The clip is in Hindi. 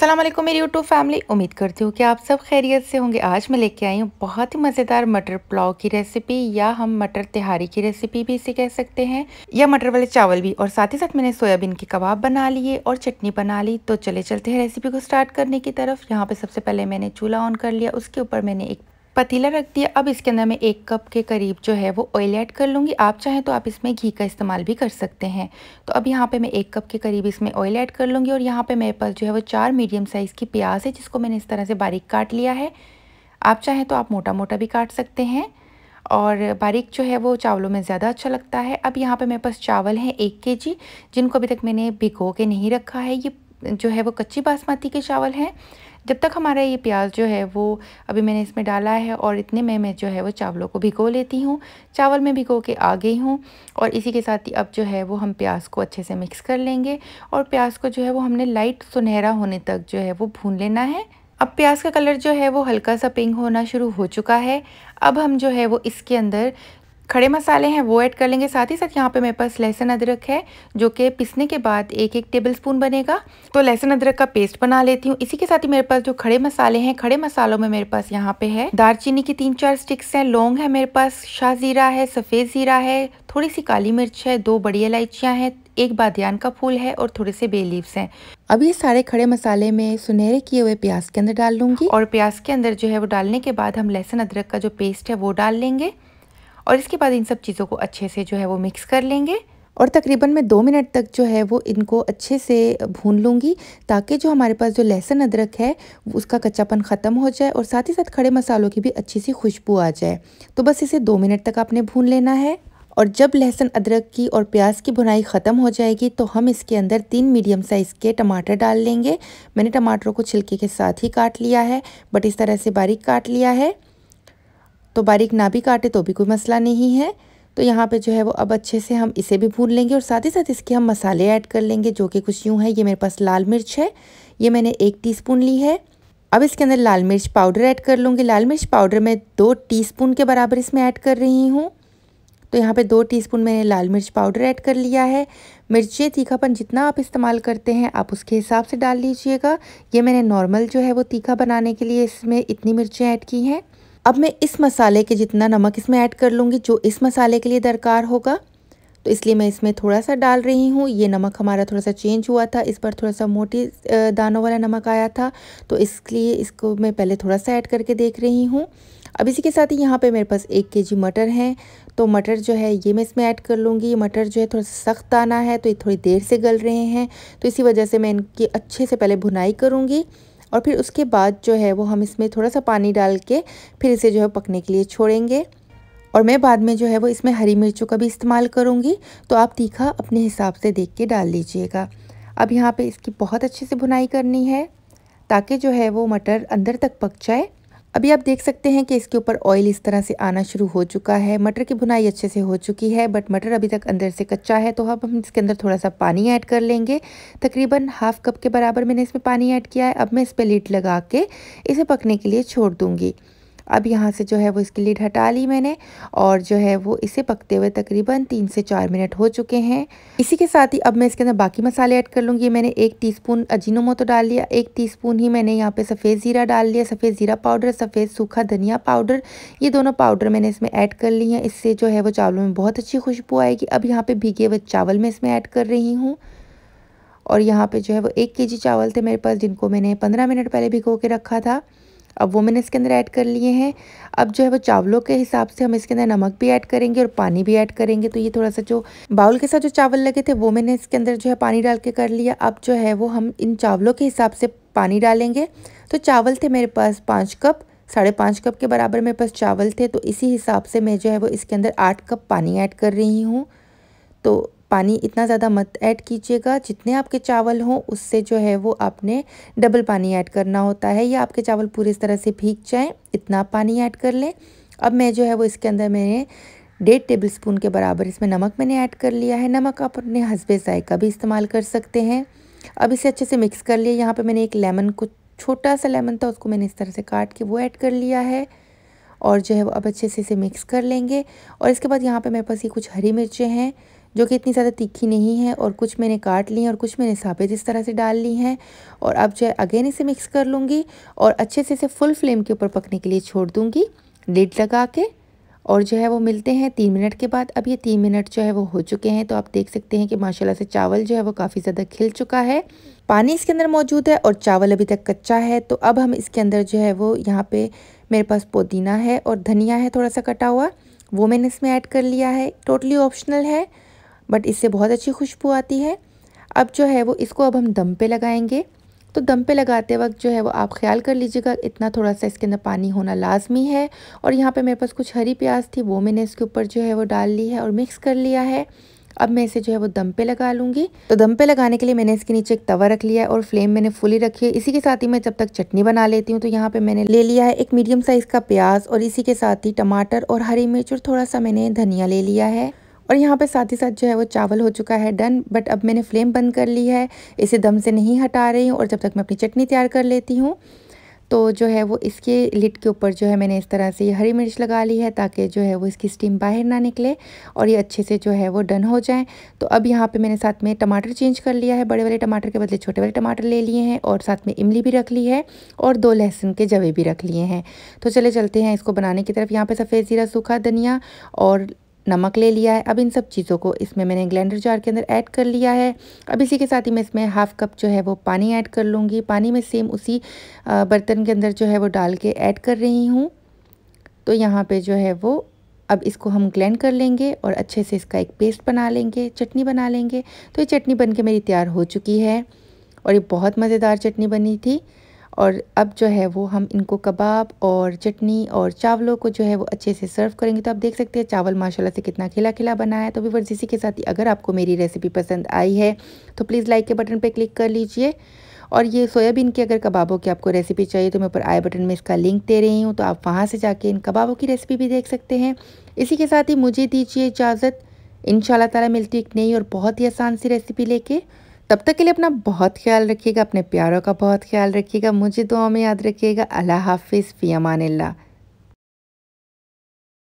सलाम मेरी यूट्यूब फैमिली उम्मीद करती हूँ कि आप सब खैरियत से होंगे आज मैं लेके आई हूँ बहुत ही मज़ेदार मटर पुलाव की रेसिपी या हम मटर तिहारी की रेसिपी भी इसे कह सकते हैं या मटर वाले चावल भी और साथ ही साथ मैंने सोयाबीन के कबाब बना लिए और चटनी बना ली तो चले चलते हैं रेसिपी को स्टार्ट करने की तरफ यहाँ पर सबसे पहले मैंने चूल्हा ऑन कर लिया उसके ऊपर मैंने एक पतीला रख दिया अब इसके अंदर मैं एक कप के करीब जो है वो ऑयल ऐड कर लूँगी आप चाहें तो आप इसमें घी का इस्तेमाल भी कर सकते हैं तो अब यहाँ पे मैं एक कप के करीब इसमें ऑयल ऐड कर लूँगी और यहाँ पे मेरे पास जो है वो चार मीडियम साइज़ की प्याज है जिसको मैंने इस तरह से बारीक काट लिया है आप चाहें तो आप मोटा मोटा भी काट सकते हैं और बारीक जो है वो चावलों में ज़्यादा अच्छा लगता है अब यहाँ पर मेरे पास चावल हैं एक के जी जिनको अभी तक मैंने भिगो के नहीं रखा है ये जो है वो कच्ची बासमती के चावल हैं जब तक हमारा ये प्याज जो है वो अभी मैंने इसमें डाला है और इतने में मैं जो है वो चावलों को भिगो लेती हूँ चावल में भिगो के आ गई हूँ और इसी के साथ ही अब जो है वो हम प्याज को अच्छे से मिक्स कर लेंगे और प्याज को जो है वो हमने लाइट सुनहरा होने तक जो है वो भून लेना है अब प्याज का कलर जो है वो हल्का सा पिंक होना शुरू हो चुका है अब हम जो है वो इसके अंदर खड़े मसाले हैं वो ऐड कर लेंगे साथ ही साथ यहाँ पे मेरे पास लहसुन अदरक है जो कि पिसने के बाद एक एक टेबल स्पून बनेगा तो लहसुन अदरक का पेस्ट बना लेती हूँ इसी के साथ ही मेरे पास जो खड़े मसाले हैं खड़े मसालों में मेरे पास यहाँ पे है दारचीनी की तीन चार स्टिक्स हैं लौंग है मेरे पास शाह जीरा है सफ़ेद जीरा है थोड़ी सी काली मिर्च है दो बड़ी इलायचियाँ हैं एक बादियान का फूल है और थोड़े से बे लीव्स हैं अब ये सारे खड़े मसाले में सुनहरे किए हुए प्याज के अंदर डाल लूंगी और प्याज के अंदर जो है वो डालने के बाद हम लहसुन अदरक का जो पेस्ट है वो डाल लेंगे और इसके बाद इन सब चीज़ों को अच्छे से जो है वो मिक्स कर लेंगे और तकरीबन मैं दो मिनट तक जो है वो इनको अच्छे से भून लूँगी ताकि जो हमारे पास जो लहसुन अदरक है उसका कच्चापन ख़त्म हो जाए और साथ ही साथ खड़े मसालों की भी अच्छी सी खुशबू आ जाए तो बस इसे दो मिनट तक आपने भून लेना है और जब लहसुन अदरक की और प्याज की भुनाई ख़त्म हो जाएगी तो हम इसके अंदर तीन मीडियम साइज़ के टमाटर डाल लेंगे मैंने टमाटरों को छिलके के साथ ही काट लिया है बट इस तरह से बारीक काट लिया है तो बारीक ना भी काटे तो भी कोई मसला नहीं है तो यहाँ पे जो है वो अब अच्छे से हम इसे भी भून लेंगे और साथ ही साथ इसके हम मसाले ऐड कर लेंगे जो कि कुछ यूँ है ये मेरे पास लाल मिर्च है ये मैंने एक टीस्पून ली है अब इसके अंदर लाल मिर्च पाउडर ऐड कर लूँगी लाल मिर्च पाउडर मैं दो टी के बराबर इसमें ऐड कर रही हूँ तो यहाँ पे दो टीस्पून मैंने लाल मिर्च पाउडर ऐड कर लिया है मिर्चें तीखापन जितना आप इस्तेमाल करते हैं आप उसके हिसाब से डाल लीजिएगा ये मैंने नॉर्मल जो है वो तीखा बनाने के लिए इसमें इतनी मिर्चें ऐड की हैं अब मैं इस मसाले के जितना नमक इसमें ऐड कर लूँगी जो इस मसाले के लिए दरकार होगा तो इसलिए मैं इसमें थोड़ा सा डाल रही हूँ ये नमक हमारा थोड़ा सा चेंज हुआ था इस पर थोड़ा सा मोटी दानों वाला नमक आया था तो इसलिए इसको मैं पहले थोड़ा सा ऐड करके देख रही हूँ अब इसी के साथ ही यहाँ पे मेरे पास एक के जी मटर हैं तो मटर जो है ये मैं इसमें ऐड कर लूँगी मटर जो है थोड़ा सा सख्त दाना है तो ये थोड़ी देर से गल रहे हैं तो इसी वजह से मैं इनकी अच्छे से पहले भुनाई करूँगी और फिर उसके बाद जो है वो हम इसमें थोड़ा सा पानी डाल के फिर इसे जो है पकने के लिए छोड़ेंगे और मैं बाद में जो है वो इसमें हरी मिर्चों का भी इस्तेमाल करूँगी तो आप तीखा अपने हिसाब से देख के डाल लीजिएगा अब यहाँ पर इसकी बहुत अच्छे से भुनाई करनी है ताकि जो है वो मटर अंदर तक पक जाए अभी आप देख सकते हैं कि इसके ऊपर ऑयल इस तरह से आना शुरू हो चुका है मटर की भुनाई अच्छे से हो चुकी है बट मटर अभी तक अंदर से कच्चा है तो अब हम इसके अंदर थोड़ा सा पानी ऐड कर लेंगे तकरीबन हाफ कप के बराबर मैंने इसमें पानी ऐड किया है अब मैं इस पर लीड लगा के इसे पकने के लिए छोड़ दूँगी अब यहाँ से जो है वो इसकी लीड हटा ली मैंने और जो है वो इसे पकते हुए तकरीबन तीन से चार मिनट हो चुके हैं इसी के साथ ही अब मैं इसके अंदर बाकी मसाले ऐड कर लूँगी मैंने एक टीस्पून तो डाल लिया एक टीस्पून ही मैंने यहाँ पे सफ़ेद ज़ीरा डाल लिया सफ़ेद ज़ीरा पाउडर सफ़ेद सूखा धनिया पाउडर ये दोनों पाउडर मैंने इसमें ऐड कर ली हैं इससे जो है वो चावलों में बहुत अच्छी खुशबू आएगी अब यहाँ पर भीगे हुए चावल मैं इसमें ऐड कर रही हूँ और यहाँ पे जो है वो एक जी चावल थे मेरे पास जिनको मैंने पंद्रह मिनट पहले भिगो के रखा था अब वो मैंने इसके अंदर ऐड कर लिए हैं अब जो है वो चावलों के हिसाब से हम इसके अंदर नमक भी ऐड करेंगे और पानी भी ऐड करेंगे तो ये थोड़ा सा जो बाउल के साथ जो चावल लगे थे वो मैंने इसके अंदर जो है पानी डाल के कर लिया अब जो है वो हम इन चावलों के हिसाब से पानी डालेंगे तो चावल थे मेरे पास पाँच कप साढ़े पाँच कप के बराबर मेरे पास चावल थे तो इसी हिसाब से मैं जो है वो इसके अंदर आठ कप पानी ऐड कर रही हूँ तो पानी इतना ज़्यादा मत ऐड कीजिएगा जितने आपके चावल हों उससे जो है वो आपने डबल पानी ऐड करना होता है या आपके चावल पूरी तरह से भीग जाएँ इतना पानी ऐड कर लें अब मैं जो है वो इसके अंदर मैंने डेढ़ टेबल स्पून के बराबर इसमें नमक मैंने ऐड कर लिया है नमक आप अपने हसबे जायका भी इस्तेमाल कर सकते हैं अब इसे अच्छे से मिक्स कर लिए यहाँ पर मैंने एक लेमन को छोटा सा लेमन था उसको मैंने इस तरह से काट के वो ऐड कर लिया है और जो है वो अब अच्छे से इसे मिक्स कर लेंगे और इसके बाद यहाँ पर मेरे पास ये कुछ हरी मिर्चें हैं जो कि इतनी ज़्यादा तीखी नहीं है और कुछ मैंने काट ली हैं और कुछ मैंने साबित इस तरह से डाल ली हैं और अब जो है अगेन इसे मिक्स कर लूँगी और अच्छे से इसे फुल फ्लेम के ऊपर पकने के लिए छोड़ दूँगी लिड लगा के और जो है वो मिलते हैं तीन मिनट के बाद अब ये तीन मिनट जो है वो हो चुके हैं तो आप देख सकते हैं कि माशाल्लाह से चावल जो है वो काफ़ी ज़्यादा खिल चुका है पानी इसके अंदर मौजूद है और चावल अभी तक कच्चा है तो अब हम इसके अंदर जो है वो यहाँ पे मेरे पास पुदीना है और धनिया है थोड़ा सा कटा हुआ वो मैंने इसमें ऐड कर लिया है टोटली ऑप्शनल है बट इससे बहुत अच्छी खुशबू आती है अब जो है वो इसको अब हम दम पे लगाएंगे तो दम पे लगाते वक्त जो है वो आप ख्याल कर लीजिएगा इतना थोड़ा सा इसके अंदर पानी होना लाजमी है और यहाँ पे मेरे पास कुछ हरी प्याज थी वो मैंने इसके ऊपर जो है वो डाल ली है और मिक्स कर लिया है अब मैं इसे जो है वो दम पे लगा लूँगी तो दम पे लगाने के लिए मैंने इसके नीचे एक तवा रख लिया है और फ्लेम मैंने फुली रखी है इसी के साथ ही मैं जब तक चटनी बना लेती हूँ तो यहाँ पे मैंने ले लिया है एक मीडियम साइज़ का प्याज और इसी के साथ ही टमाटर और हरी मिर्च और थोड़ा सा मैंने धनिया ले लिया है और यहाँ पे साथ ही साथ जो है वो चावल हो चुका है डन बट अब मैंने फ्लेम बंद कर ली है इसे दम से नहीं हटा रही हूँ और जब तक मैं अपनी चटनी तैयार कर लेती हूँ तो जो है वो इसके लिट के ऊपर जो है मैंने इस तरह से ये हरी मिर्च लगा ली है ताकि जो है वो इसकी स्टीम बाहर ना निकले और ये अच्छे से जो है वो डन हो जाए तो अब यहाँ पे मैंने साथ में टमाटर चेंज कर लिया है बड़े वाले टमाटर के बदले छोटे वाले टमाटर ले लिए हैं और साथ में इमली भी रख ली है और दो लहसुन के जवे भी रख लिए हैं तो चले चलते हैं इसको बनाने की तरफ यहाँ पर सफ़ेद ज़ीरा सूखा धनिया और नमक ले लिया है अब इन सब चीज़ों को इसमें मैंने ग्लैंडर जार के अंदर ऐड कर लिया है अब इसी के साथ ही मैं इसमें हाफ़ कप जो है वो पानी ऐड कर लूँगी पानी में सेम उसी बर्तन के अंदर जो है वो डाल के ऐड कर रही हूँ तो यहाँ पे जो है वो अब इसको हम ग्लैंड कर लेंगे और अच्छे से इसका एक पेस्ट बना लेंगे चटनी बना लेंगे तो ये चटनी बन के मेरी तैयार हो चुकी है और ये बहुत मज़ेदार चटनी बनी थी और अब जो है वो हम इनको कबाब और चटनी और चावलों को जो है वो अच्छे से सर्व करेंगे तो आप देख सकते हैं चावल माशाल्लाह से कितना खिला खिला बना है तो भी इसी के साथ ही अगर आपको मेरी रेसिपी पसंद आई है तो प्लीज़ लाइक के बटन पर क्लिक कर लीजिए और ये सोयाबीन के अगर कबाबों की आपको रेसिपी चाहिए तो मैं ऊपर आई बटन में इसका लिंक दे रही हूँ तो आप वहाँ से जाके इन कबाबों की रेसिपी भी देख सकते हैं इसी के साथ ही मुझे दीजिए इजाज़त इन ताला मिलती एक नई और बहुत ही आसान सी रेसिपी लेके तब तक के लिए अपना बहुत ख्याल रखिएगा अपने प्यारों का बहुत ख्याल रखिएगा मुझे दुआ में याद रखिएगा अल्लाह हाफिज़ फ़ी अमान